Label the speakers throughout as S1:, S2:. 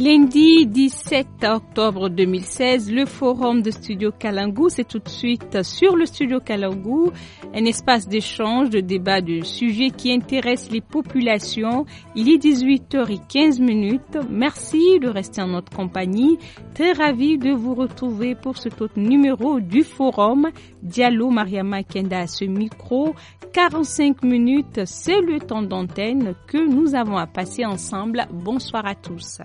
S1: Lundi 17 octobre 2016, le forum de Studio Kalangu, c'est tout de suite sur le Studio Kalangu, un espace d'échange, de débat de sujets qui intéressent les populations. Il est 18h15 minutes. Merci de rester en notre compagnie. Très ravi de vous retrouver pour ce tout numéro du forum. Diallo Maria Kenda à ce micro. 45 minutes, c'est le temps d'antenne que nous avons à passer ensemble. Bonsoir à tous.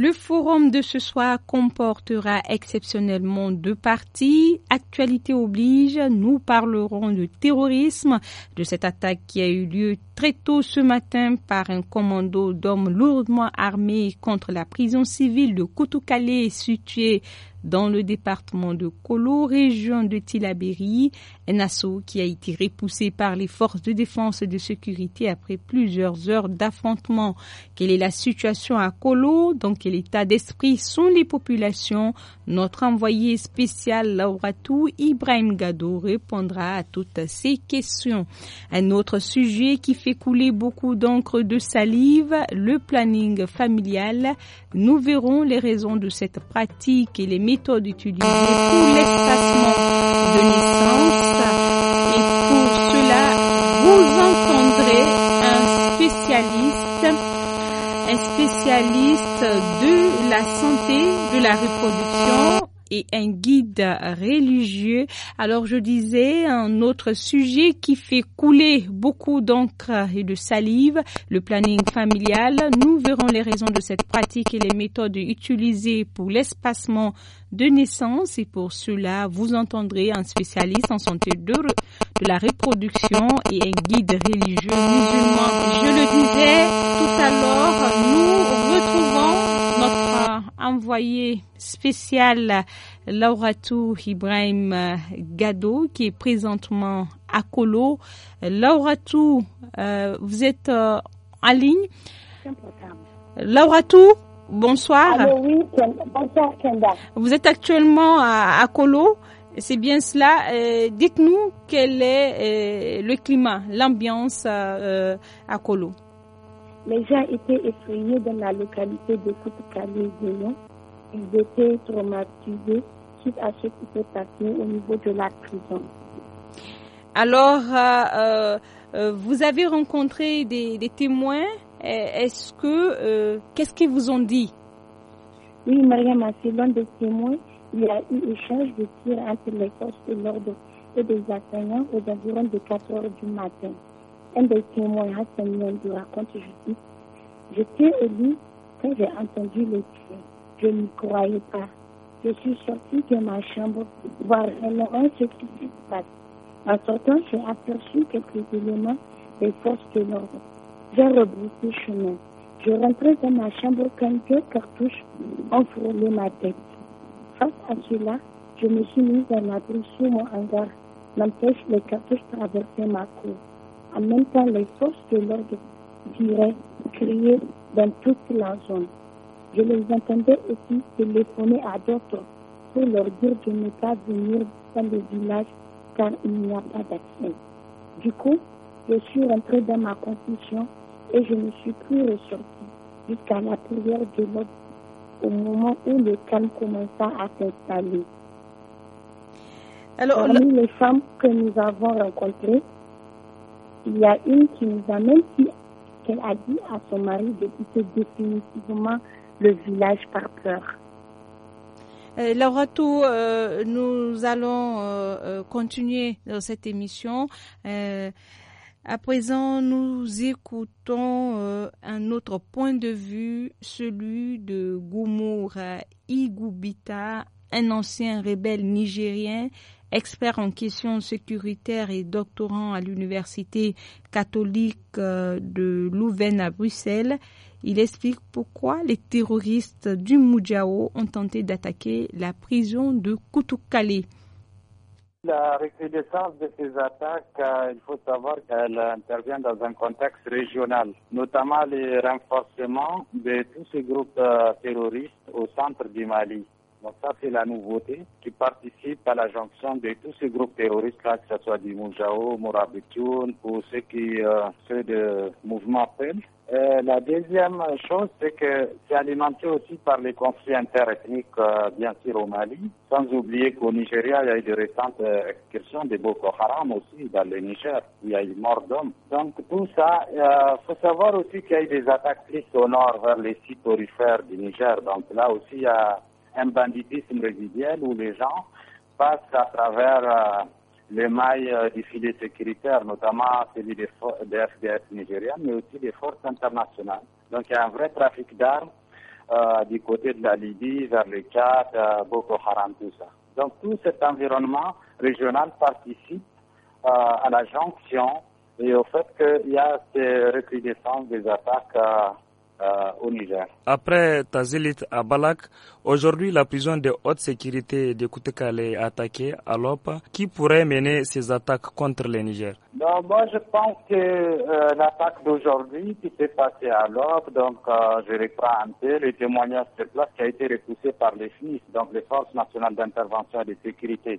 S1: Le forum de ce soir comportera exceptionnellement deux parties. Actualité oblige, nous parlerons de terrorisme, de cette attaque qui a eu lieu très tôt ce matin par un commando d'hommes lourdement armés contre la prison civile de Koutoukale située dans le département de Kolo, région de Tilaberi, un assaut qui a été repoussé par les forces de défense et de sécurité après plusieurs heures d'affrontement. Quelle est la situation à Kolo Dans quel état d'esprit sont les populations Notre envoyé spécial Tou, Ibrahim Gado répondra à toutes ces questions. Un autre sujet qui fait couler beaucoup d'encre de salive, le planning familial. Nous verrons les raisons de cette pratique et les méthodes utilisées pour l'espacement de naissance. Et pour cela, vous entendrez un spécialiste, un spécialiste de la santé, de la reproduction et un guide religieux. Alors je disais un autre sujet qui fait couler beaucoup d'encre et de salive, le planning familial. Nous verrons les raisons de cette pratique et les méthodes utilisées pour l'espacement de naissance et pour cela vous entendrez un spécialiste en santé de, la reproduction et un guide religieux musulman. Je le disais tout à l'heure, nous envoyé spécial Laura Tou, Ibrahim euh, Gado qui est présentement à Colo. Euh, Laura Tou, euh, vous êtes en ligne. Laura bonsoir. bonsoir Vous êtes actuellement à, Colo. C'est bien cela. Dites-nous quel est
S2: le climat, l'ambiance à Colo. Les gens étaient effrayés dans la localité de Koutkalé Ils étaient traumatisés suite à ce qui s'est passé au niveau de la prison.
S1: Alors, euh, euh, euh, vous avez rencontré des, témoins. Est-ce
S2: que qu'est-ce qu'ils vous ont dit Oui, Mariam, c'est l'un des témoins. Il y a eu échange de tirs entre les forces de l'ordre et des assaillants aux environs de 4 heures du matin un des témoignages de du raconte, je dis, j'étais au lit quand j'ai entendu le pieds. Je n'y croyais pas. Je suis sortie de ma chambre voir vraiment ce qui se passe. En sortant, j'ai aperçu quelques éléments des forces de l'ordre. J'ai rebroussé chemin. Je rentrais dans ma chambre quand deux cartouches ont frôlé ma tête. Face à cela, je me suis mise la la sur mon hangar. N'empêche, les cartouches traversaient ma cour. En même temps, les forces de l'ordre diraient crier dans toute la zone. Je les entendais aussi téléphoner à d'autres pour leur dire de ne pas venir dans le village car il n'y a pas d'accès. Du coup, je suis rentrée dans ma confusion et je ne suis plus ressortie jusqu'à la prière de l'ordre au moment où le calme commença à s'installer. Alors, Parmi les femmes que nous avons rencontrées, il y a une qui nous même dit qu'elle a dit à son mari de quitter définitivement le village par peur.
S1: Euh, Laura Tou, euh, nous allons euh, continuer dans cette émission. à présent, nous écoutons un autre point de vue, celui de Goumour Igubita, un ancien rebelle nigérien expert en questions sécuritaires et doctorant à l'Université catholique euh, de Louvain à Bruxelles. Il explique pourquoi les terroristes du Moujao ont tenté d'attaquer la prison de Koutoukale.
S3: La recrudescence de ces attaques, euh, il faut savoir qu'elle intervient dans un contexte régional, notamment les renforcements de tous ces groupes euh, terroristes au centre du Mali. Donc ça, c'est la nouveauté qui participe à la jonction de tous ces groupes terroristes-là, que ce soit du Moujao, Mourabitoun ou ceux qui euh, ceux de mouvement PEL. Euh, la deuxième chose, c'est que c'est alimenté aussi par les conflits interethniques, euh, bien sûr, au Mali. Sans oublier qu'au Nigeria, il y a eu de récentes euh, excursions de Boko Haram aussi dans le Niger. où Il y a eu mort d'hommes. Donc tout ça, il faut savoir aussi qu'il y a eu des attaques tristes au nord vers les sites orifères du Niger. Donc là aussi, il y a un banditisme résiduel où les gens passent à travers euh, les mailles euh, du filet sécuritaire, notamment celui des, des FDS nigériens, mais aussi des forces internationales. Donc il y a un vrai trafic d'armes euh, du côté de la Libye, vers le Tchad, Boko Haram, tout ça. Donc tout cet environnement régional participe à la jonction et au fait qu'il y a ces recrudescences des attaques euh, au Niger.
S4: Après Tazilit à aujourd'hui la prison de haute sécurité de Koutekale est attaquée à l'OP. Qui pourrait mener ces attaques contre le Niger
S3: non, Moi je pense que euh, l'attaque d'aujourd'hui qui s'est passée à l'OP, donc euh, je reprends un peu le témoignage de place qui a été repoussé par les FNIS, donc les forces nationales d'intervention et de sécurité.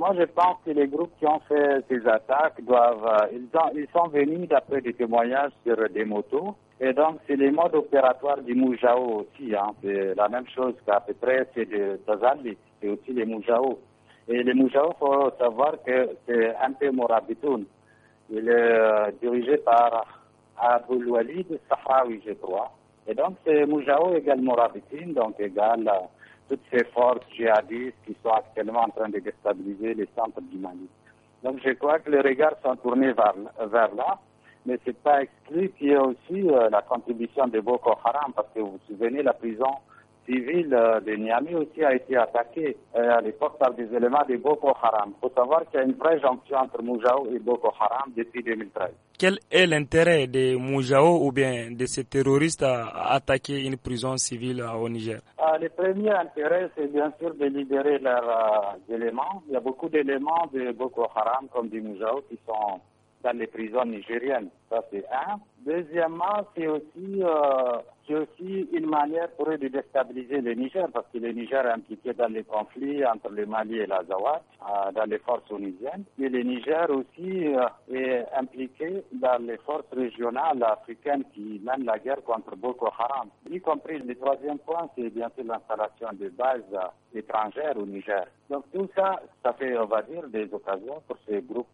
S3: Moi, je pense que les groupes qui ont fait ces attaques doivent. Euh, ils, sont venus d'après des témoignages sur des motos. Et donc, c'est les modes opératoires du Moujao aussi. Hein. C'est la même chose qu'à peu près c'est de Tazali, c'est aussi les Moujao. Et les Moujao, il faut savoir que c'est un peu Morabitoun. Il est euh, dirigé par Abdul Walid Sahraoui, je crois. Et donc, c'est Moujao égal Morabitoun, donc égale euh, toutes ces forces djihadistes qui sont actuellement en train de déstabiliser les centres du Mali. Donc je crois que les regards sont tournés vers, vers là, mais ce n'est pas exclu qu'il y ait aussi euh, la contribution de Boko Haram, parce que vous vous souvenez, la prison civile euh, de Niamey aussi a été attaqué euh, à l'époque par des éléments de Boko Haram. Il faut savoir qu'il y a une vraie jonction entre Moujao et Boko Haram depuis 2013.
S4: Quel est l'intérêt de Moujao ou bien de ces terroristes à attaquer une prison civile euh, au Niger
S3: Le premier intérêt, c'est bien sûr de libérer leurs éléments. Il y a beaucoup d'éléments de Boko Haram comme du Moujao qui sont dans les prisons nigériennes. Ça, c'est un. Deuxièmement, c'est aussi, euh, c'est aussi une manière pour eux de déstabiliser le Niger, parce que le Niger est impliqué dans les conflits entre le Mali et l'Azawad, euh, dans les forces onisiennes. Et le Niger aussi euh, est impliqué dans les forces régionales africaines qui mènent la guerre contre Boko Haram. Y compris le troisième point, c'est bien sûr l'installation des bases étrangères au Niger. Donc tout ça, ça fait, on va dire, des occasions pour ces groupes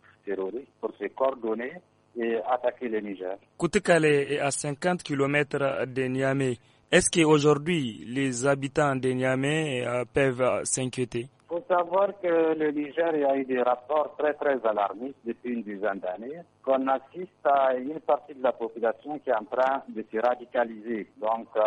S3: pour se coordonner et attaquer le Niger.
S4: est à 50 km de Niamey. Est-ce qu'aujourd'hui, les habitants de Niamey euh, peuvent s'inquiéter
S3: il faut savoir que le Niger a eu des rapports très très alarmistes depuis une dizaine d'années, qu'on assiste à une partie de la population qui est en train de se radicaliser. Donc, euh,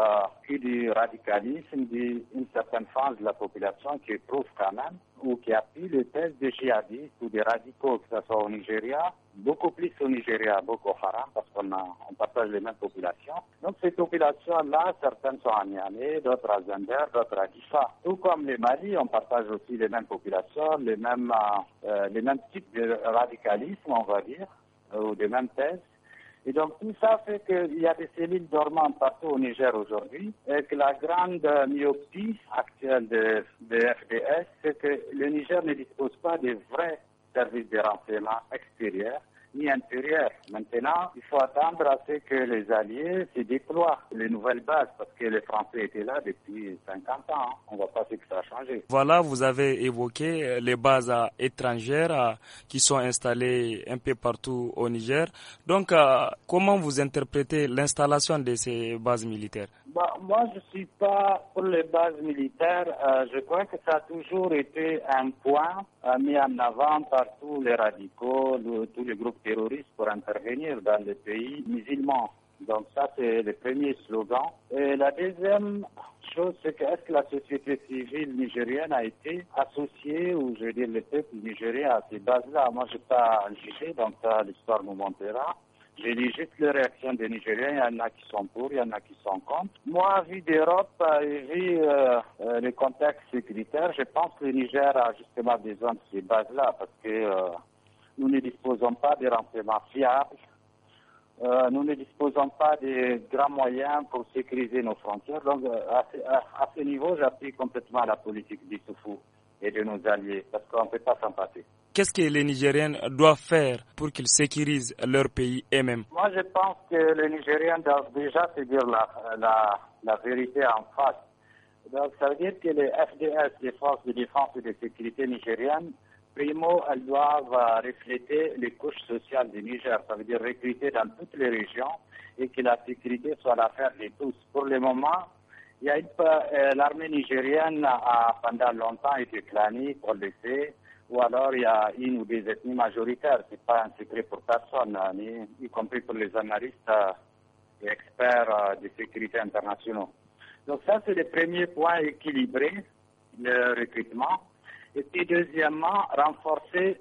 S3: du radicalisme d'une certaine phase de la population qui prouve quand même ou qui appuie le test des djihadistes ou des radicaux, que ce soit au Nigeria beaucoup plus au Nigeria, à Boko Haram, parce qu'on on partage les mêmes populations. Donc ces populations-là, certaines sont à d'autres à Zender, d'autres à Gifa. Tout comme les Mali, on partage aussi les mêmes populations, les mêmes, euh, euh, les mêmes types de radicalisme, on va dire, euh, ou des mêmes thèses. Et donc tout ça fait qu'il y a des cellules dormantes partout au Niger aujourd'hui et que la grande myopie actuelle des de FDS, c'est que le Niger ne dispose pas des vrais services de renseignement extérieurs ni intérieur. Maintenant, il faut attendre à ce que les alliés se déploient, les nouvelles bases, parce que les Français étaient là depuis 50 ans. Hein. On ne voit pas ce que ça a changé.
S4: Voilà, vous avez évoqué euh, les bases euh, étrangères euh, qui sont installées un peu partout au Niger. Donc, comment vous interprétez l'installation de ces bases militaires
S3: moi, je ne suis pas pour les bases militaires. Euh, je crois que ça a toujours été un point euh, mis en avant par tous les radicaux, tous les groupes terroristes pour intervenir dans les pays musulmans. Donc ça, c'est le premier slogan. Et la deuxième chose, c'est que est-ce que la société civile nigérienne a été associée, ou je veux dire le peuple nigérien, à ces bases-là Moi, je n'ai pas jugé, donc ça, l'histoire nous montrera. J'ai lu juste les réactions des Nigériens. Il y en a qui sont pour, il y en a qui sont contre. Moi, vu d'Europe, euh, vu euh, les euh, le contexte sécuritaire, je pense que le Niger a justement besoin de ces bases-là parce que nous ne disposons pas de renseignements fiables. nous ne disposons pas de grands moyens pour sécuriser nos frontières. Donc, à, ce niveau, j'appuie complètement la politique du d'Issoufou et de nos alliés parce qu'on ne peut pas s'en passer.
S4: Qu'est-ce que les Nigériens doivent faire pour qu'ils sécurisent leur pays eux-mêmes
S3: Moi, je pense que les Nigériens doivent déjà se dire la, la, vérité en face. Donc, ça veut dire que les FDS, les forces de défense et de sécurité nigériennes, primo, elles doivent euh, refléter les couches sociales du Niger. Ça veut dire recruter dans toutes les régions et que la sécurité soit l'affaire de tous. Pour le moment, euh, l'armée nigérienne a pendant longtemps été clanée, on le sait ou alors il y a une ou des ethnies majoritaires, ce n'est pas un secret pour personne, ni, y compris pour les analystes euh, et experts euh, de sécurité internationaux. Donc ça, c'est le premier point équilibré, le recrutement. Et puis deuxièmement, renforcer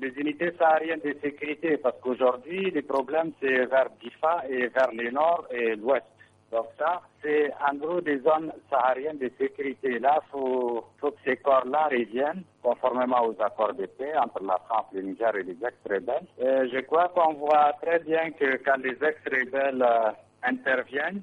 S3: les unités sahariennes de sécurité, parce qu'aujourd'hui, les problèmes, c'est vers Difa et vers le nord et l'ouest. Donc ça, c'est en gros des zones sahariennes de sécurité. Là, il faut, que ces corps-là reviennent conformément aux accords de paix entre la France, le Niger et les ex-rebelles. je crois qu'on voit très bien que quand les ex rébelles euh, interviennent,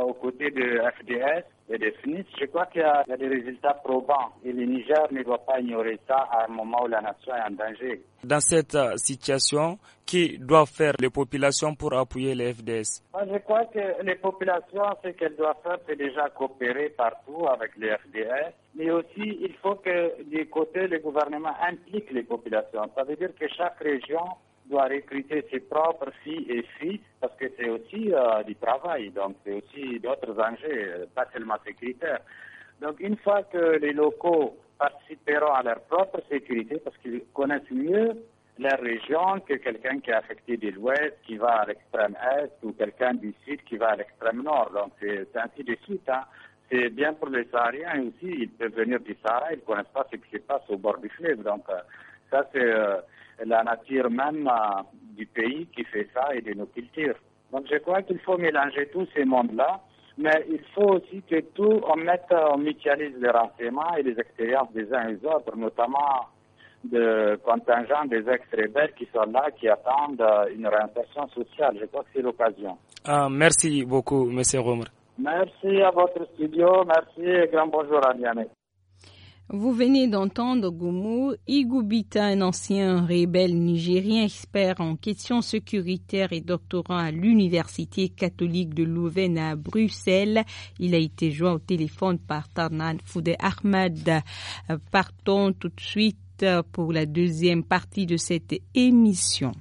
S3: aux côtés de FDS et de FNIS, je crois qu'il y, a des résultats probants et le Niger ne doit pas ignorer ça à un moment où la nation est en danger.
S4: Dans cette euh, situation, qui doit faire les populations pour appuyer les FDS
S3: Je crois que les populations, ce qu'elles doivent faire, c'est déjà coopérer partout avec les FDS, mais aussi il faut que du côté le gouvernement implique les populations. Ça veut dire que chaque région doit recruter ses propres filles et filles parce que c'est aussi euh, du travail, donc c'est aussi d'autres enjeux, euh, pas seulement ces Donc une fois que les locaux participeront à leur propre sécurité parce qu'ils connaissent mieux leur région que quelqu'un qui est affecté de l'ouest qui va à l'extrême est ou quelqu'un du sud qui va à l'extrême nord. Donc c'est ainsi de suite. Hein. C'est bien pour les Sahariens aussi, ils peuvent venir du Sahara, ils ne connaissent pas ce qui se passe au bord du fleuve. Donc euh, ça c'est la nature même euh, du pays qui fait ça et de nos cultures. Donc je crois qu'il faut mélanger tous ces mondes-là, mais il faut aussi que tout, on mette, euh, on mutualise les renseignements et les expériences des uns et des autres, notamment de contingents des ex-rebelles qui sont là, qui attendent euh, une orientation sociale. Je crois que c'est l'occasion.
S4: Ah, merci beaucoup, Monsieur Romer.
S3: Merci à votre studio, merci et grand bonjour à Diane.
S4: Vous venez
S1: d'entendre Goumou Igubita, un ancien rebelle nigérien expert en questions sécuritaires et doctorant à l'Université catholique de Louvain à Bruxelles. Il a été joint au téléphone par Tarnan Foudé Ahmad. Partons tout de suite pour la deuxième partie de cette émission.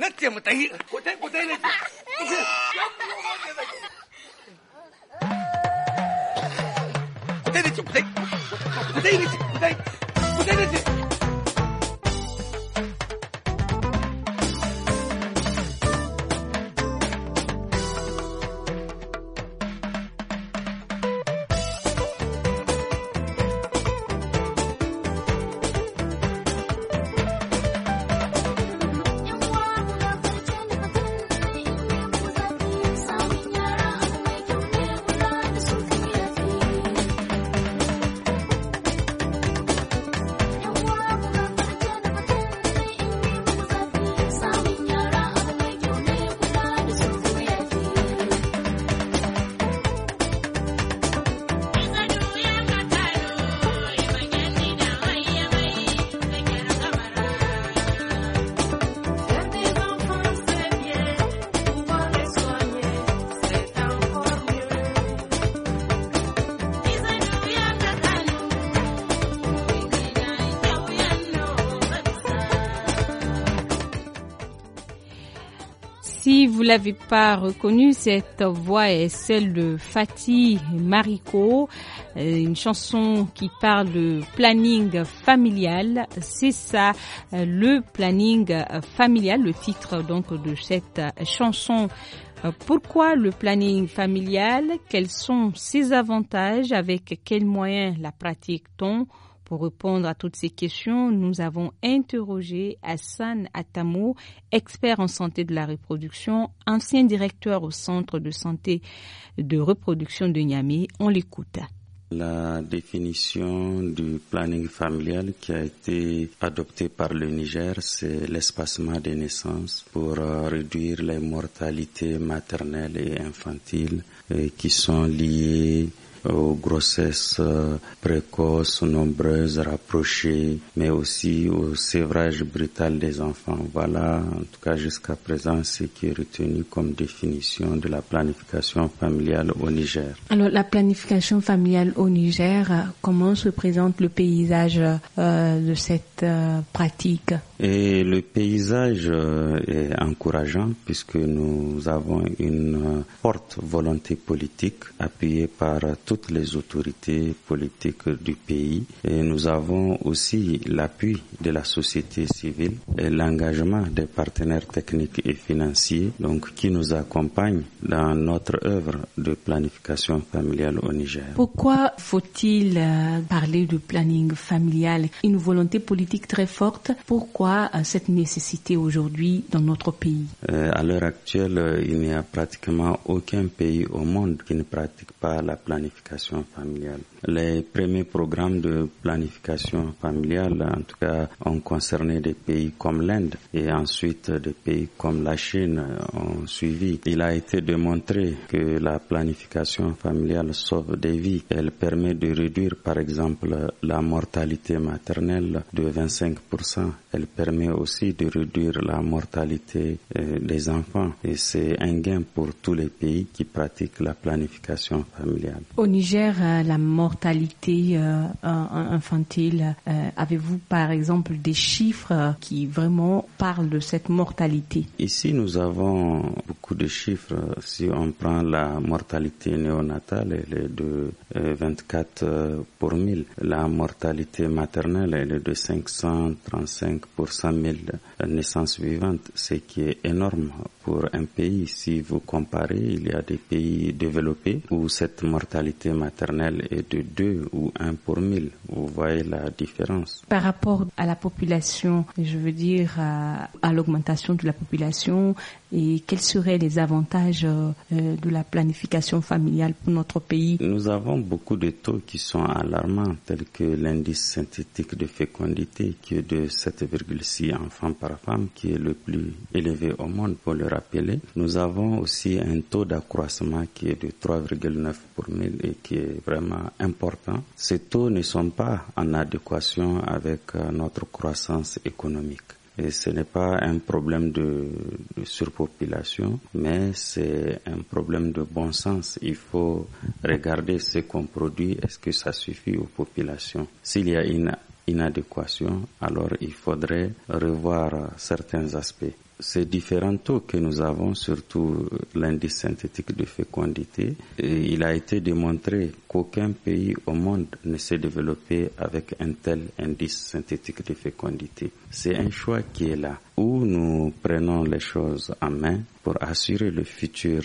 S5: 那怎么得？我得，我得了，不 是，要不我得了。不对不对
S6: 不对不
S1: l'avez pas reconnu, cette voix est celle de Fatih Mariko, euh, une chanson qui parle de planning familial. C'est ça, le planning familial, le titre donc de cette chanson. Pourquoi le planning familial Quels sont ses avantages Avec quels moyens la pratique-t-on pour répondre à toutes ces questions, nous avons interrogé Hassan Atamo, expert en santé de la reproduction, ancien directeur au centre de santé de reproduction de Niamey. On l'écoute.
S7: La définition du planning familial qui a été adoptée par le Niger, c'est l'espacement des naissances pour euh, réduire les mortalités maternelles et infantiles euh, qui sont liées aux grossesses précoces, nombreuses, rapprochées, mais aussi au sévrage brutal des enfants. Voilà, en tout cas jusqu'à présent, ce qui est retenu comme définition de la planification familiale au Niger.
S1: Alors, la planification familiale au Niger, comment se présente le paysage euh, de cette euh, pratique
S7: Et le paysage euh, est encourageant puisque nous avons une forte volonté politique appuyée par toutes les autorités politiques du pays. Et nous avons aussi l'appui de la société civile et l'engagement des partenaires techniques et financiers donc, qui nous accompagnent dans notre œuvre de planification familiale au Niger.
S1: Pourquoi faut-il euh, parler de planning familial Une volonté politique très forte. Pourquoi euh, cette nécessité aujourd'hui dans notre pays
S7: euh, À l'heure actuelle, il n'y a pratiquement aucun pays au monde qui ne pratique pas la planification planification familiale. Les premiers programmes de planification familiale, en tout cas, ont concerné des pays comme l'Inde et ensuite des pays comme la Chine ont suivi. Il a été démontré que la planification familiale sauve des vies. Elle permet de réduire, par exemple, la mortalité maternelle de 25%. Elle permet aussi de réduire la mortalité euh, des enfants et c'est un gain pour tous les pays qui pratiquent la planification familiale.
S1: Au Niger, euh, la mort mortalité euh, infantile. Euh, avez-vous par exemple des chiffres euh, qui vraiment parlent de cette mortalité
S7: Ici, nous avons beaucoup de chiffres. Si on prend la mortalité néonatale, elle est de 24 pour 1000. La mortalité maternelle, elle est de 535 pour 100 000 naissance vivante, ce qui est énorme pour un pays. Si vous comparez, il y a des pays développés où cette mortalité maternelle est de 2 ou 1 pour 1000. Vous voyez la différence.
S1: Par rapport à la population, je veux dire à l'augmentation de la population, et quels seraient les avantages euh, euh, de la planification familiale pour notre pays
S7: Nous avons beaucoup de taux qui sont alarmants, tels que l'indice synthétique de fécondité qui est de 7,6 enfants par femme, qui est le plus élevé au monde, pour le rappeler. Nous avons aussi un taux d'accroissement qui est de 3,9 pour 1000 et qui est vraiment important. Ces taux ne sont pas en adéquation avec euh, notre croissance économique. Et ce n'est pas un problème de, surpopulation, mais c'est un problème de bon sens. Il faut regarder ce qu'on produit, est-ce que ça suffit aux populations. S'il y a une inadéquation, alors il faudrait revoir certains aspects ces différents taux que nous avons, surtout l'indice synthétique de fécondité, et il a été démontré qu'aucun pays au monde ne s'est développé avec un tel indice synthétique de fécondité. C'est un choix qui est là, où nous prenons les choses en main pour assurer le futur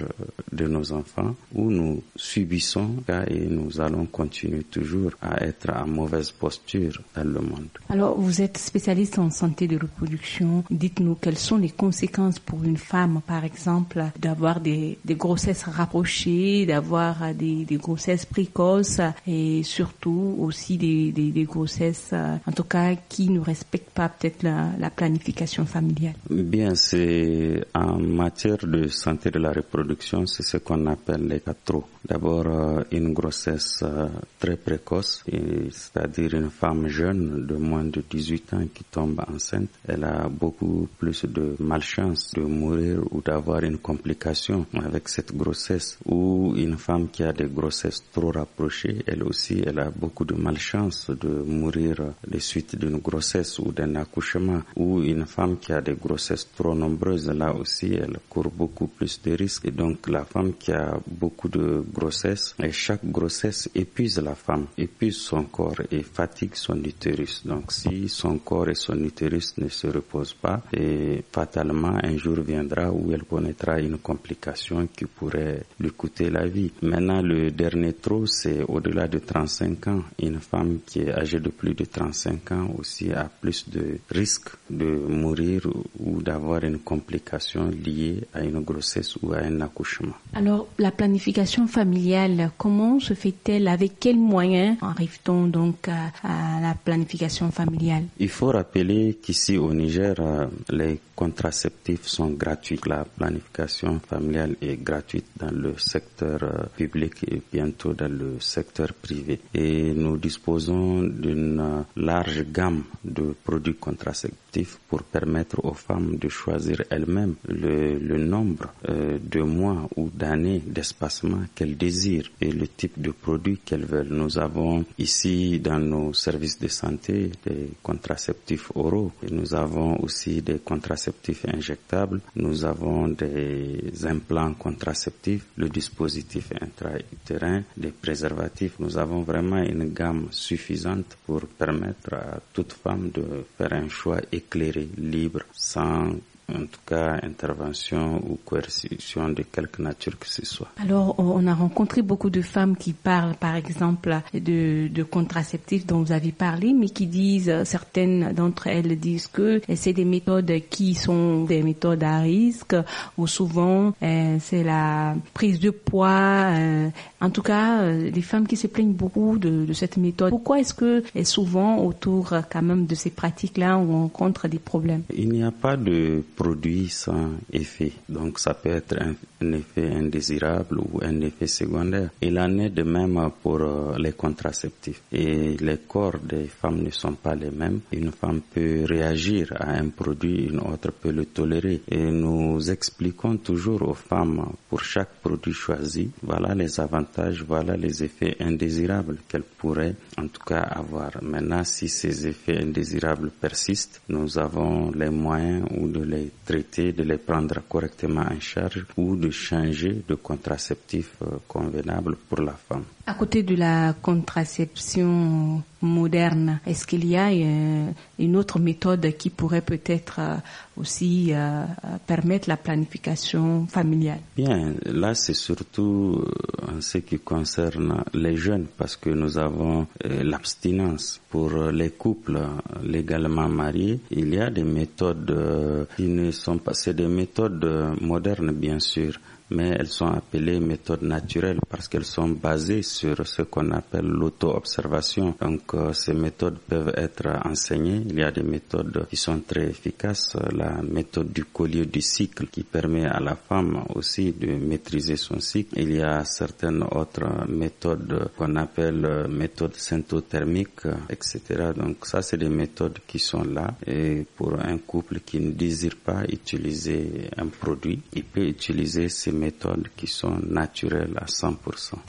S7: de nos enfants, où nous subissons et nous allons continuer toujours à être en mauvaise posture dans le monde.
S1: Alors, vous êtes spécialiste en santé de reproduction. Dites-nous quels sont les conséquences pour une femme, par exemple, d'avoir des, grossesses rapprochées, d'avoir des, des, grossesses précoces et surtout aussi des, grossesses, euh, en tout cas, qui ne respectent pas peut-être la, planification familiale
S7: Bien, c'est en matière de santé de la reproduction, c'est ce qu'on appelle les quatre D'abord, euh, une grossesse euh, très précoce, c'est-à-dire une femme jeune de moins de 18 ans qui tombe enceinte. Elle a beaucoup plus de mal chance de mourir ou d'avoir une complication avec cette grossesse ou une femme qui a des grossesses trop rapprochées, elle aussi, elle a beaucoup de malchance de mourir les suites d'une grossesse ou d'un accouchement ou une femme qui a des grossesses trop nombreuses, là aussi, elle court beaucoup plus de risques. Et donc, la femme qui a beaucoup de grossesses, et chaque grossesse épuise la femme, épuise son corps et fatigue son utérus. Donc, si son corps et son utérus ne se reposent pas, et fatalement, un jour viendra où elle connaîtra une complication qui pourrait lui coûter la vie. Maintenant, le dernier trop, c'est au-delà de 35 ans. Une femme qui est âgée de plus de 35 ans aussi a plus de risques de mourir ou d'avoir une complication liée à une grossesse ou à un accouchement.
S1: Alors, la planification familiale, comment se fait-elle Avec quels moyens arrive-t-on donc à, à la planification familiale
S7: Il faut rappeler qu'ici au Niger, euh, les contrats contraceptifs sont gratuits. La planification familiale est gratuite dans le secteur euh, public et bientôt dans le secteur privé. Et nous disposons d'une euh, large gamme de produits contraceptifs pour permettre aux femmes de choisir elles-mêmes le, le, nombre euh, de mois ou d'années d'espacement qu'elles désirent et le type de produit qu'elles veulent. Nous avons ici dans nos services de santé des contraceptifs oraux et nous avons aussi des contraceptifs injectable nous avons des implants contraceptifs, le dispositif intra-utérin, des préservatifs. Nous avons vraiment une gamme suffisante pour permettre à toute femme de faire un choix éclairé, libre, sans en tout cas intervention ou coercition de quelque nature que ce soit. Alors, on
S1: a rencontré beaucoup de femmes qui parlent, par exemple, de, de contraceptifs dont vous avez parlé, mais qui disent, certaines d'entre elles disent que eh, c'est des méthodes qui sont des méthodes à risque, ou souvent eh, c'est la prise de poids. Eh. en tout cas, les euh, femmes qui se plaignent beaucoup de, de cette méthode. Pourquoi est-ce que souvent autour quand même de ces pratiques-là, on rencontre des problèmes
S7: Il n'y a pas de produit sans effet. Donc ça peut être un, effet indésirable ou un effet secondaire. Il en est de même pour euh, les contraceptifs. Et les corps des femmes ne sont pas les mêmes. Une femme peut réagir à un produit, une autre peut le tolérer. Et nous expliquons toujours aux femmes pour chaque produit choisi, voilà les avantages, voilà les effets indésirables qu'elles pourraient en tout cas avoir. Maintenant, si ces effets indésirables persistent, nous avons les moyens ou de les traiter, de les prendre correctement en charge ou de changer de contraceptif euh, convenable pour la femme.
S1: À côté de la contraception moderne, est-ce qu'il y a euh, une autre méthode qui pourrait peut-être euh, aussi euh, permettre la planification familiale
S7: Bien, là c'est surtout en ce qui concerne les jeunes parce que nous avons l'abstinence pour les couples légalement mariés. Il y a des méthodes qui ne sont pas, c'est des méthodes modernes bien sûr, mais elles sont appelées méthodes naturelles parce qu'elles sont basées sur ce qu'on appelle l'auto-observation. Donc euh, ces méthodes peuvent être enseignées. Il y a des méthodes qui sont très efficaces. La méthode du collier du cycle qui permet à la femme aussi de maîtriser son cycle. Il y a certaines autres méthodes qu'on appelle euh, méthodes synthothermiques, etc. Donc ça, c'est des méthodes qui sont là. Et pour un couple qui ne désire pas utiliser un produit, il peut utiliser ces méthodes méthodes qui sont naturelles à 100%.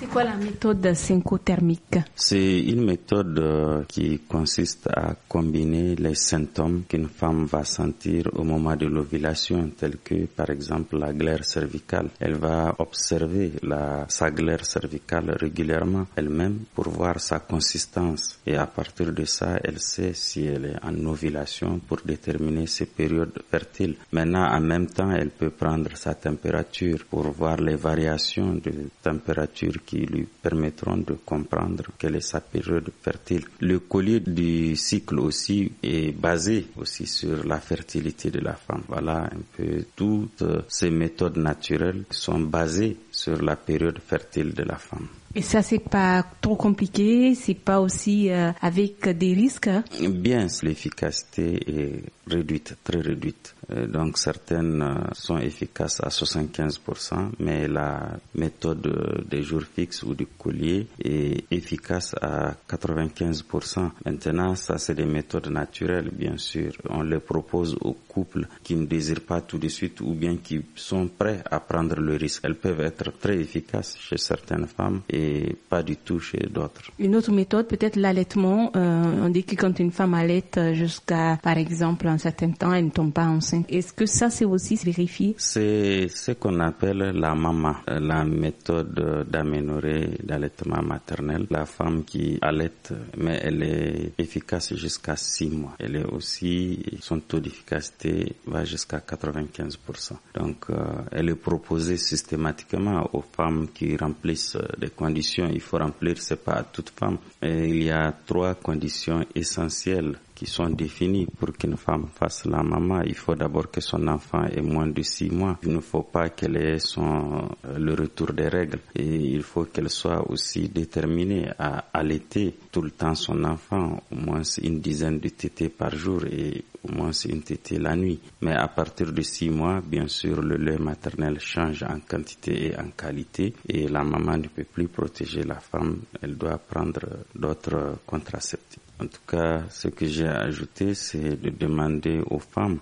S1: C'est quoi la méthode syncothermique
S7: C'est une méthode euh, qui consiste à combiner les symptômes qu'une femme va sentir au moment de l'ovulation, tels que par exemple la glaire cervicale. Elle va observer la, sa glaire cervicale régulièrement elle-même pour voir sa consistance et à partir de ça, elle sait si elle est en ovulation pour déterminer ses périodes fertiles. Maintenant, en même temps, elle peut prendre sa température pour pour voir les variations de température qui lui permettront de comprendre quelle est sa période fertile. Le collier du cycle aussi est basé aussi sur la fertilité de la femme. Voilà un peu toutes ces méthodes naturelles sont basées sur la période fertile de la femme.
S1: Et ça, c'est pas trop compliqué, c'est pas aussi euh, avec des risques. Hein
S7: Bien, l'efficacité est réduite, très réduite. Euh, donc certaines euh, sont efficaces à 75%, mais la méthode euh, des jours fixes ou du collier est efficace à 95%. Maintenant, ça c'est des méthodes naturelles, bien sûr. On les propose aux couples qui ne désirent pas tout de suite ou bien qui sont prêts à prendre le risque. Elles peuvent être très efficaces chez certaines femmes et pas du tout chez d'autres.
S1: Une autre méthode, peut-être l'allaitement. on dit que quand une femme allaite jusqu'à, par exemple, un certain temps, elle ne tombe pas enceinte est-ce que ça, c'est aussi vérifié
S7: C'est ce qu'on appelle la MAMA, euh, la méthode d'aménorrhée d'allaitement maternel. La femme qui allaite, mais elle est efficace jusqu'à 6 mois. Elle est aussi, son taux d'efficacité va jusqu'à 95%. Donc, euh, elle est proposée systématiquement aux femmes qui remplissent euh, des conditions. Il faut remplir, c'est pas à toute femme. mais il y a trois conditions essentielles qui sont définis pour qu'une femme fasse la maman. Il faut d'abord que son enfant ait moins de six mois. Il ne faut pas qu'elle ait son, euh, le retour des règles. Et il faut qu'elle soit aussi déterminée à allaiter tout le temps son enfant, au moins une dizaine de tétés par jour et au moins une tétée la nuit. Mais à partir de six mois, bien sûr, le lait maternel change en quantité et en qualité et la maman ne peut plus protéger la femme. Elle doit prendre d'autres contraceptifs. En tout cas, ce que j'ai ajouté, c'est de demander aux femmes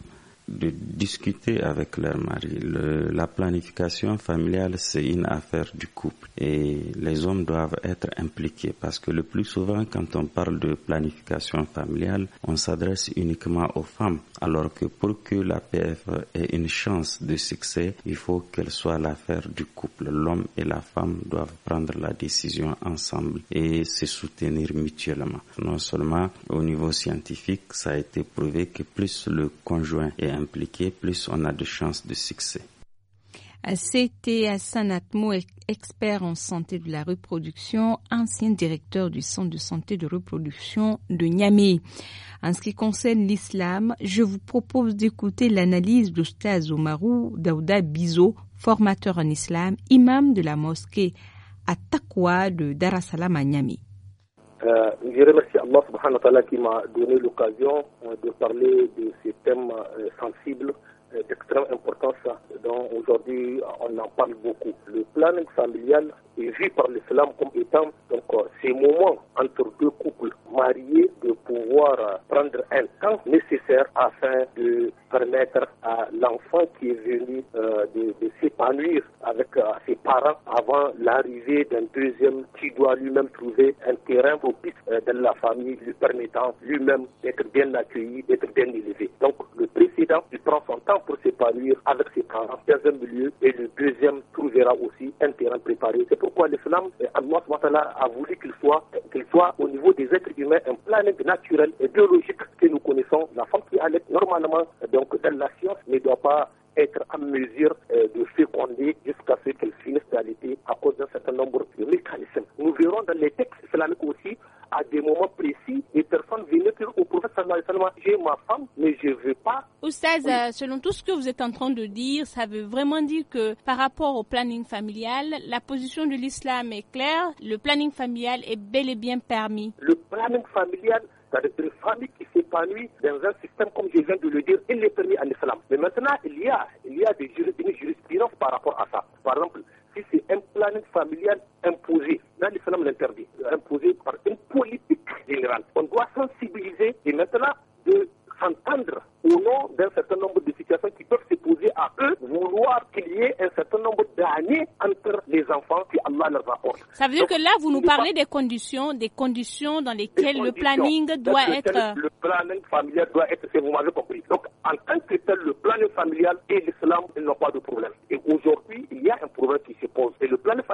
S7: de discuter avec leur mari. la planification familiale, c'est une affaire du couple et les hommes doivent être impliqués parce que le plus souvent, quand on parle de planification familiale, on s'adresse uniquement aux femmes, alors que pour que la PF e ait une chance de succès, il faut qu'elle soit l'affaire du couple. L'homme et la femme doivent prendre la décision ensemble et se soutenir mutuellement. Non seulement au niveau scientifique, ça a été prouvé que plus le conjoint est impliqué, plus on a de chances de succès.
S1: C'était Hassan Atmo, expert en santé de la reproduction, ancien directeur du centre de santé de reproduction de Niamey. En ce qui concerne l'islam, je vous propose d'écouter l'analyse d'Ostaz Omarou Daouda Bizo, formateur en islam, imam de la mosquée à Takwa de Darasalam à Niamey.
S5: Euh, je remercie Allah subhanahu wa ta'ala qui m'a donné l'occasion euh, de parler de ces thèmes euh, sensibles d'extrême importance dont aujourd'hui on en parle beaucoup. Le planning familial est vu par l'islam comme étant euh, ces moments entre deux couples mariés de pouvoir euh, prendre un temps nécessaire afin de permettre à l'enfant qui est venu euh, de, s'épanouir avec ses parents avant l'arrivée d'un deuxième qui doit lui-même trouver un terrain propice euh, dans la famille lui permettant lui-même d'être bien accueilli, d'être bien élevé. Donc le président, il prend son temps pour s'épanouir avec ses parents dans deuxième milieu et le deuxième trouvera aussi un terrain préparé. C'est pourquoi l'islam, euh, Allah a voulu qu'il soit, qu'il soit au niveau des êtres humains un planète naturel et biologique que nous connaissons. La femme qui allait normalement, donc la science, ne doit pas être en mesure euh, de féconder jusqu'à ce qu'elle finisse réalité à cause d'un certain nombre de mécanismes. Nous verrons dans les textes islamiques aussi à des moments précis, les personnes venaient dire au prophète sallallahu alayhi j'ai ma femme, mais je ne veux pas.
S1: Oustaz, euh, selon tout ce que vous êtes en train de dire, ça veut vraiment dire que par rapport au planning familial, la position de l'islam est claire, le planning familial est bel et bien permis. Le
S5: planning familial, c'est-à-dire une famille qui s'épanouit dans un système, comme je viens de le dire, il est permis en islam. Mais maintenant, il y a, il y a des, une par rapport à ça. Par exemple, c'est un plan familial imposé. Là, l'islam l'interdit, imposé par une politique générale. On doit sensibiliser et maintenant de s'entendre au nom d'un certain nombre de situations qui peuvent se poser à eux, vouloir qu'il y ait un certain nombre d'années entre les enfants qui Allah leur apporte. Ça veut dire que
S1: là, vous nous parlez des conditions, des conditions dans lesquelles le planning doit être...
S5: Le planning familial doit être, c'est vous Donc, en tant que tel, le planning familial et l'islam n'ont pas de problème. Et aujourd'hui, il y a un problème qui se pose. Et le planning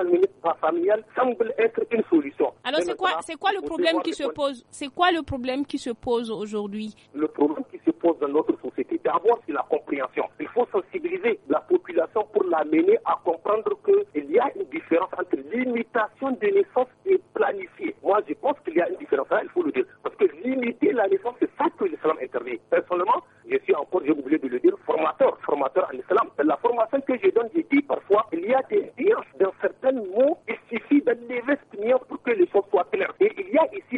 S5: familial semble être une solution. Alors, c'est quoi, c'est
S1: quoi le problème qui se pose? C'est quoi le problème qui se pose aujourd'hui?
S5: Le problème dans notre société. D'abord, c'est la compréhension. Il faut sensibiliser la population pour l'amener à comprendre qu'il y a une différence entre l'imitation de naissances et planifier. Moi, je pense qu'il y a une différence, hein, il faut le dire. Parce que limiter la naissance, c'est ça que l'islam intervient. Personnellement, je suis encore, j'ai oublié de le dire, formateur, formateur en islam. La formation que je donne, je dis parfois, il y a des dires dans certains mots, il suffit d'enlever ce pour que les choses soient claires. Et il y a ici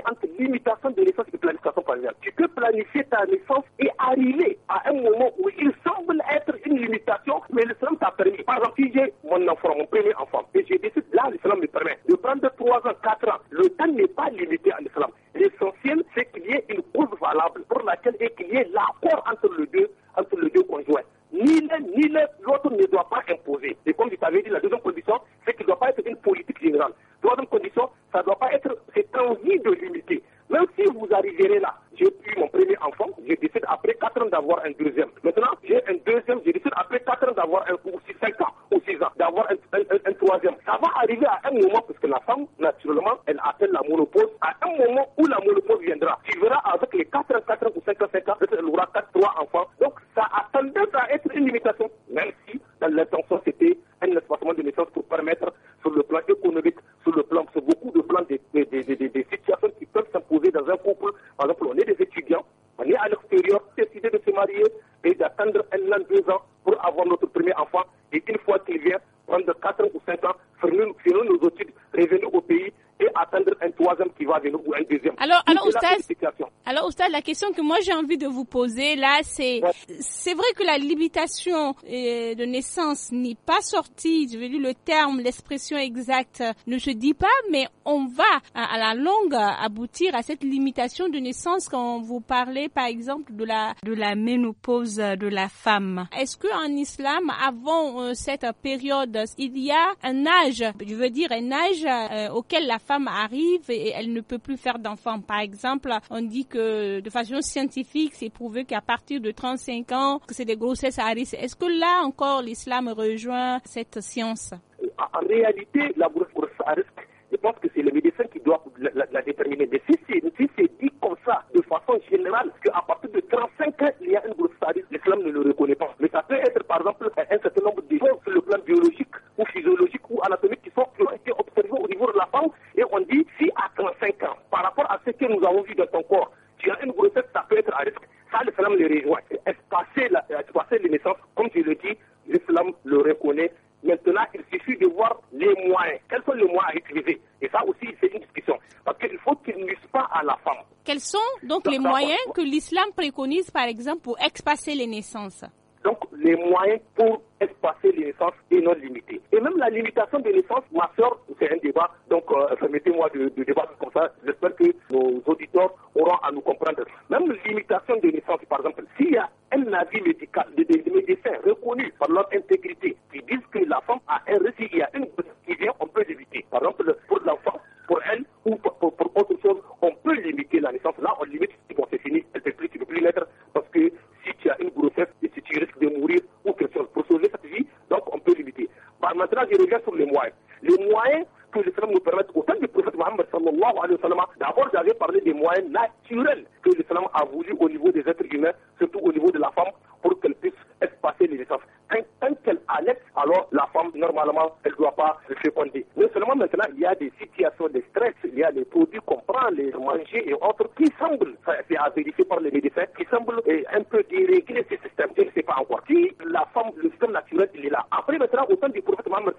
S5: limitation de naissance et de planification familiale. Tu peux planifier ta naissance et arriver à un moment où il semble être une limitation, mais l'islam t'a permis. Par exemple, si j'ai mon enfant, mon premier enfant, et j'ai décidé, là, l'islam me permet de prendre 3 ans, 4 ans, le temps n'est pas limité à l'islam. L'essentiel, c'est qu'il y ait une cause valable pour laquelle et qu'il y ait l'accord entre les deux, entre les deux conjoints. Ni l'un ni l'autre ne doit pas imposer. Et comme je t'avais dit, la deuxième condition, c'est qu'il ne doit pas être une politique générale. Troisième condition, ça ne doit pas être cette envie de limiter. Même si vous arriverez là, j'ai eu mon premier enfant, je décide après 4 ans d'avoir un deuxième. Maintenant, j'ai un deuxième, j'ai décide après 4 ans d'avoir un, ou 5 ans, ou 6 ans, d'avoir un, troisième. Ça va arriver à un moment parce que la femme, naturellement, elle a
S1: question que moi j'ai envie de vous poser là, c'est que la limitation de naissance n'est pas sortie, je veux dire le terme, l'expression exacte ne se dit pas, mais on va à, la longue aboutir à cette limitation de naissance quand vous parlez par exemple de la de la ménopause de la femme. Est-ce que en islam, avant euh, cette période, il y a un âge, je veux dire un âge euh, auquel la femme arrive et, elle ne peut plus faire d'enfants. Par exemple, on dit que de façon scientifique, c'est prouvé qu'à partir de 35 ans, c'est des grossesses à risque. Est-ce que là encore l'islam rejoint cette science
S5: En réalité, la grossesse à risque, je pense que c'est le médecin qui doit la, déterminer. des si
S1: les moyens que l'islam préconise, par exemple, pour expasser les naissances
S5: tant qu'elle allait, alors la femme, normalement, elle ne doit pas répondre. féconder. Mais seulement maintenant, il y a des situations de stress, il y a des produits qu'on prend, les manger et autres, qui semblent, c'est à vérifier par les médecins, qui semblent euh, un peu dérégler ce système. Je ne sais pas encore. Si la femme, le système naturel, il est là. Après maintenant, au temps du prophète Mohammed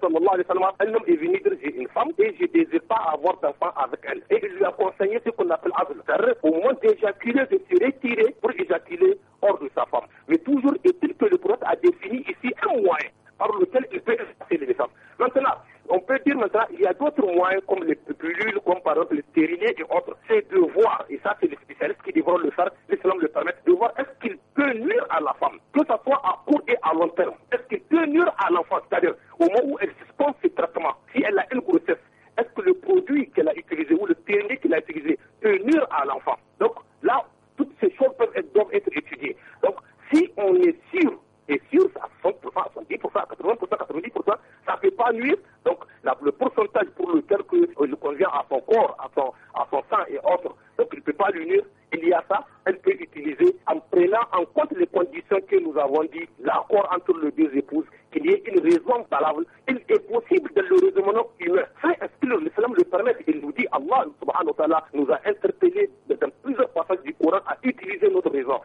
S5: un homme est venu dire j'ai une femme et je ne désire pas avoir d'enfant avec elle. Et il lui a conseillé ce qu'on appelle azl. au moins d'éjaculer, de se retirer pour éjaculer hors de sa femme. Mais toujours est-il que le prophète a défini ici c'est un moyen par lequel il peut les Maintenant, on peut dire maintenant, il y a d'autres moyens comme les pilules, comme par exemple les stérilés et autres. C'est de voir, et ça c'est les spécialistes qui devront le faire, me le permet, de voir est-ce qu'il peut nuire à la femme, que ce soit à court et à long terme. Est-ce qu'il peut nuire à l'enfant, c'est-à-dire au moment où elle suspend ses traitements, si elle a une grossesse, est-ce que le produit qu'elle a utilisé ou le stérilé qu'elle a utilisé peut nuire à l'enfant Donc là, toutes ces choses doivent être étudiées. Donc si on est sûr est ça à 100%, à 70%, à 80%, à 90%, ça ne peut pas nuire. Donc, le pourcentage pour lequel que, euh, le convient à son corps, à son, sang et autres, donc il ne peut pas nuire. Il y a ça, elle peut l'utiliser en prenant en compte les conditions que nous avons dit, l'accord entre les deux épouses, qu'il y ait une raison valable. Il est possible de le raisonnement humain. Ça, est-ce que l'islam le permet Il nous dit, Allah subhanahu wa ta'ala nous a interpellés dans plusieurs passages du Coran à utiliser notre raison.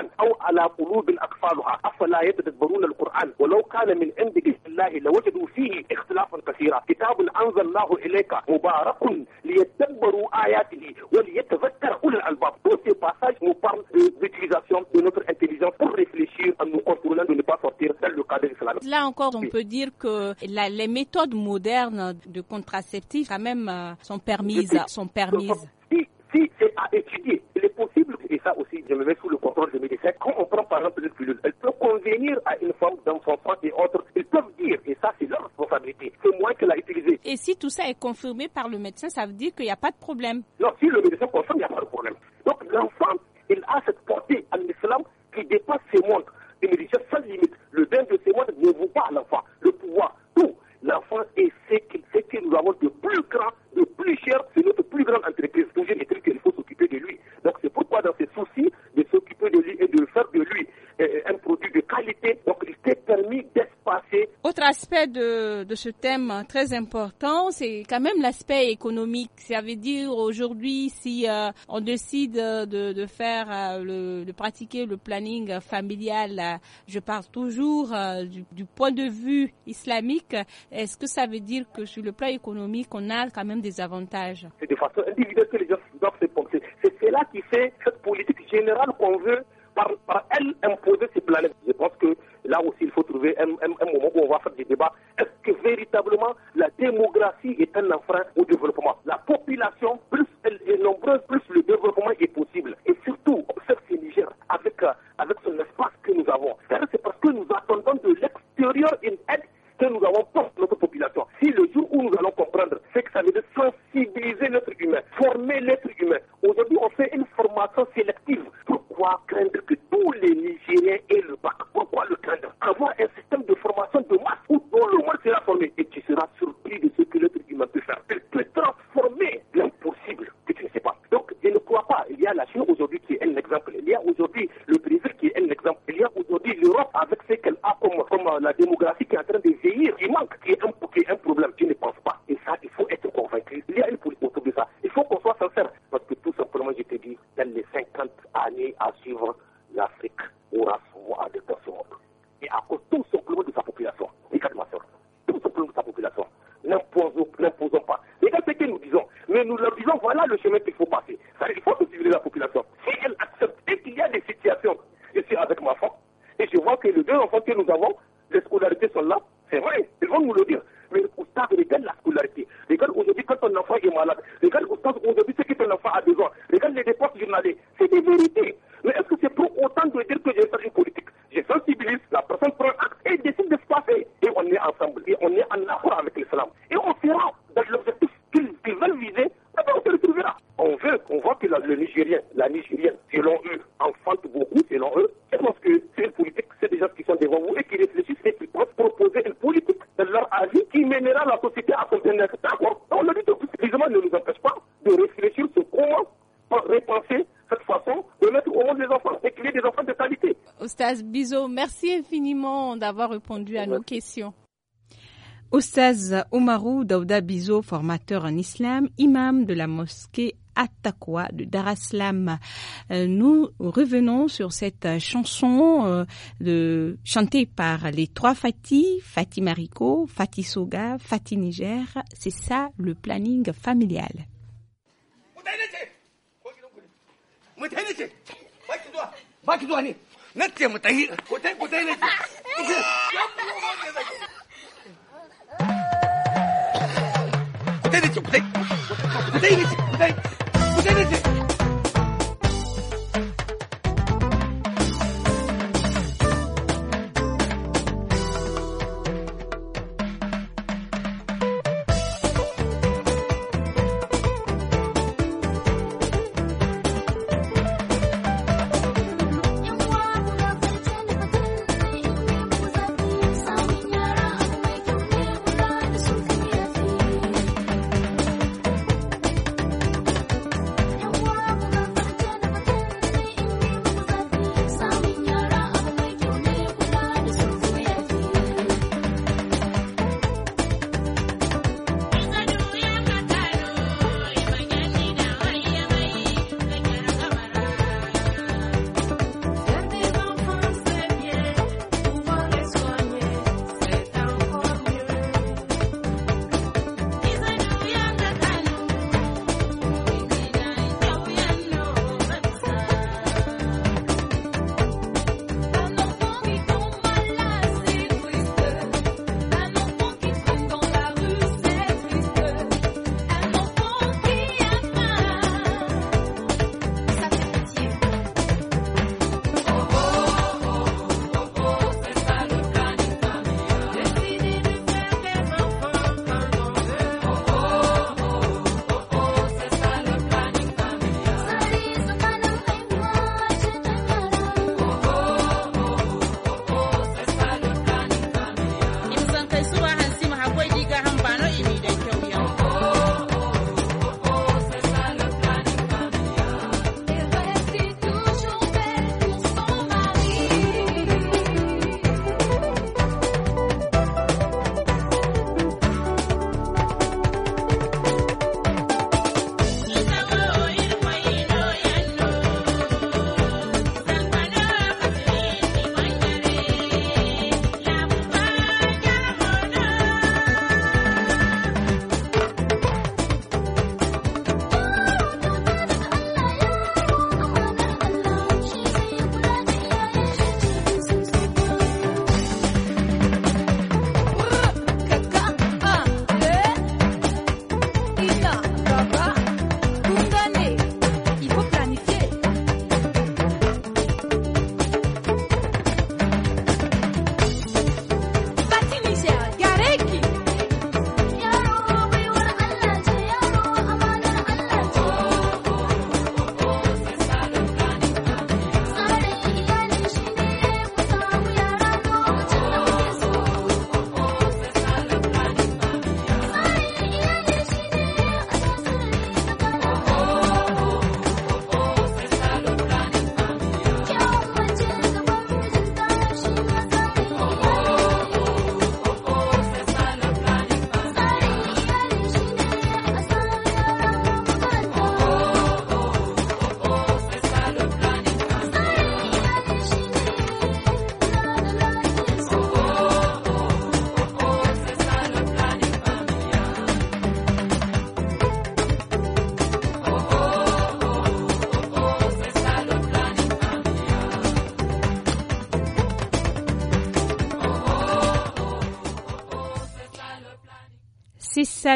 S5: القران او على قلوب اقفالها افلا يتدبرون القران ولو كان من عند الله لوجدوا فيه اختلافا كثيرا كتاب انزل الله اليك مبارك ليتدبروا اياته وليتذكر اولي الالباب سي باساج مو بارل دو زوتيزاسيون دو نوتر انتيليجونس بور ريفليشير ان نو كونترولا دو نو سورتير دال لو كادر اسلام لا انكور اون بو
S1: دير كو لا لي ميثود مودرن دو كونتراسيبتيف كان ميم سون بيرميز سون بيرميز Si, si
S5: c'est à étudier, il est possible, et ça aussi, je me mets sous le de médecins, quand on prend par exemple une pilule, elle peut convenir à une femme' d'enfant et autres. Ils peuvent dire, et ça c'est leur responsabilité, c'est moi qui l'a utilisé. Et
S1: si tout ça est confirmé par le médecin, ça veut dire qu'il n'y a pas de problème
S5: Non, si le médecin confirme, il n'y a pas de problème. Donc l'enfant, il a cette portée à l'islam qui dépasse ses montres. Une religion sans limite. Le bien de ses montres ne vaut pas à l'enfant. Le pouvoir, tout. L'enfant est ce que nous avons de plus grand, de plus cher, c'est notre plus grande entreprise. Toujours il qu'il faut s'occuper de lui. Donc c'est pourquoi dans ces soucis, Donc, il s'est permis d'espacer.
S1: Autre aspect de, ce thème très important, c'est quand même l'aspect économique. Ça veut dire aujourd'hui, si euh, on décide de, faire, euh, le, de pratiquer le planning familial, euh, je parle toujours du, du, point de vue islamique. Est-ce que ça veut dire que sur le plan économique, on a quand même des avantages
S5: C'est de façon individuelle que les gens doivent se penser. C'est cela qui fait cette politique générale qu'on veut par, elle imposer ces planètes. Je pense que là aussi, il faut trouver un, moment où on va faire des débats. Est-ce que véritablement la démographie est un enfant au développement La population, plus elle est nombreuse, plus le développement est possible. Et surtout, observe ce Niger avec, euh, avec son espace que nous avons. C'est parce que nous attendons de l'extérieur une aide que nous avons pour notre population. Si le jour où nous allons comprendre, c'est que ça veut dire sensibiliser l'être humain, former l'être humain. Aujourd'hui, on fait une formation sélective craindre que tous les Nigériens et le bac. Pourquoi le craindre Avoir un système de formation de masse où tout le monde sera formé et tu seras surpris de ce que l'être humain peut faire. Tu peut transformer l'impossible que tu ne sais pas. Donc, je ne crois pas. Il y a la Chine aujourd'hui qui est un exemple. Il y a aujourd'hui le Brésil qui est un exemple. Il y a aujourd'hui l'Europe avec ce qu'elle a comme, euh, la démographie qui est en train de vieillir. Il manque, un, qui est un problème. que les deux enfants que nous avons, les scolarités sont là, c'est vrai, ils vont nous le dire.
S1: Bizo, merci infiniment d'avoir répondu à nos questions. Oustaz Omarou Daouda Bizo, formateur en islam, imam de la mosquée Attaqua de Daraslam. Euh, nous revenons sur cette chanson euh, de, chantée par les trois Fatih, Fatih Mariko, Fatih Soga, Fatih Niger. C'est ça le planning familial.
S5: 那怎么得？古代古代那叫，
S6: 不是，什么妖怪？古代那叫逮，古代那叫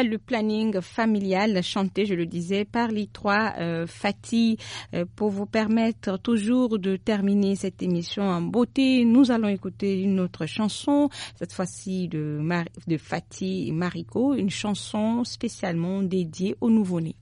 S1: le planning familial chanté, je le disais, par les trois euh, Fatih. Euh, pour vous permettre toujours de terminer cette émission en beauté, nous allons écouter une autre chanson, cette fois-ci de, Fatih de Fatih Marico, une chanson spécialement dédiée aux nouveau-nés.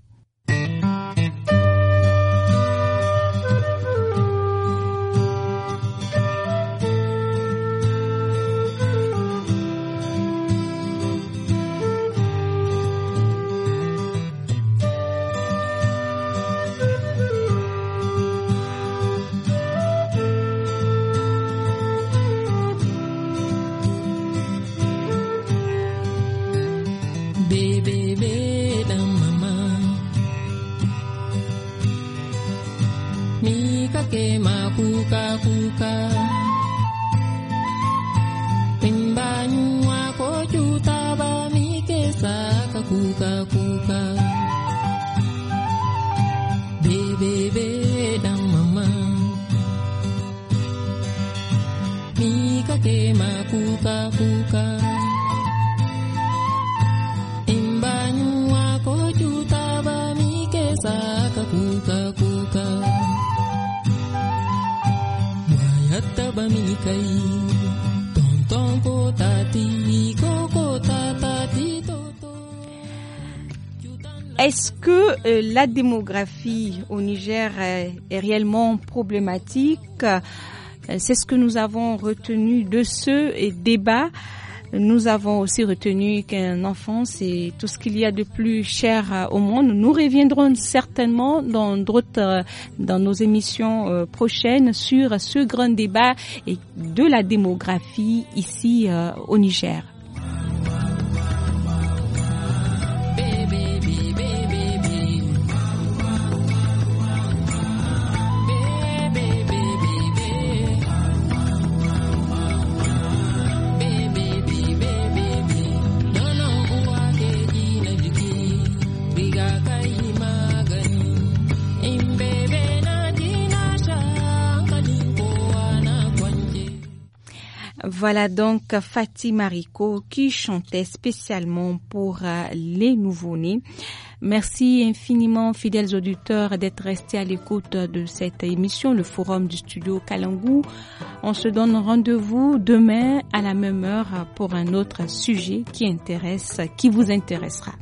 S1: que euh, la démographie au Niger euh, est, réellement problématique. Euh, c'est ce que nous avons retenu de ce débat. Nous avons aussi retenu qu'un enfant, c'est tout ce qu'il y a de plus cher au monde. Nous reviendrons certainement dans d'autres, dans nos émissions prochaines sur ce grand débat de la démographie ici au Niger. Voilà donc Fatih Marico qui chantait spécialement pour euh, les nouveau-nés. Merci infiniment, fidèles auditeurs, d'être restés à l'écoute de cette émission, le forum du studio Kalangou. On se donne rendez-vous demain à la même heure pour un autre sujet qui intéresse, qui vous intéressera.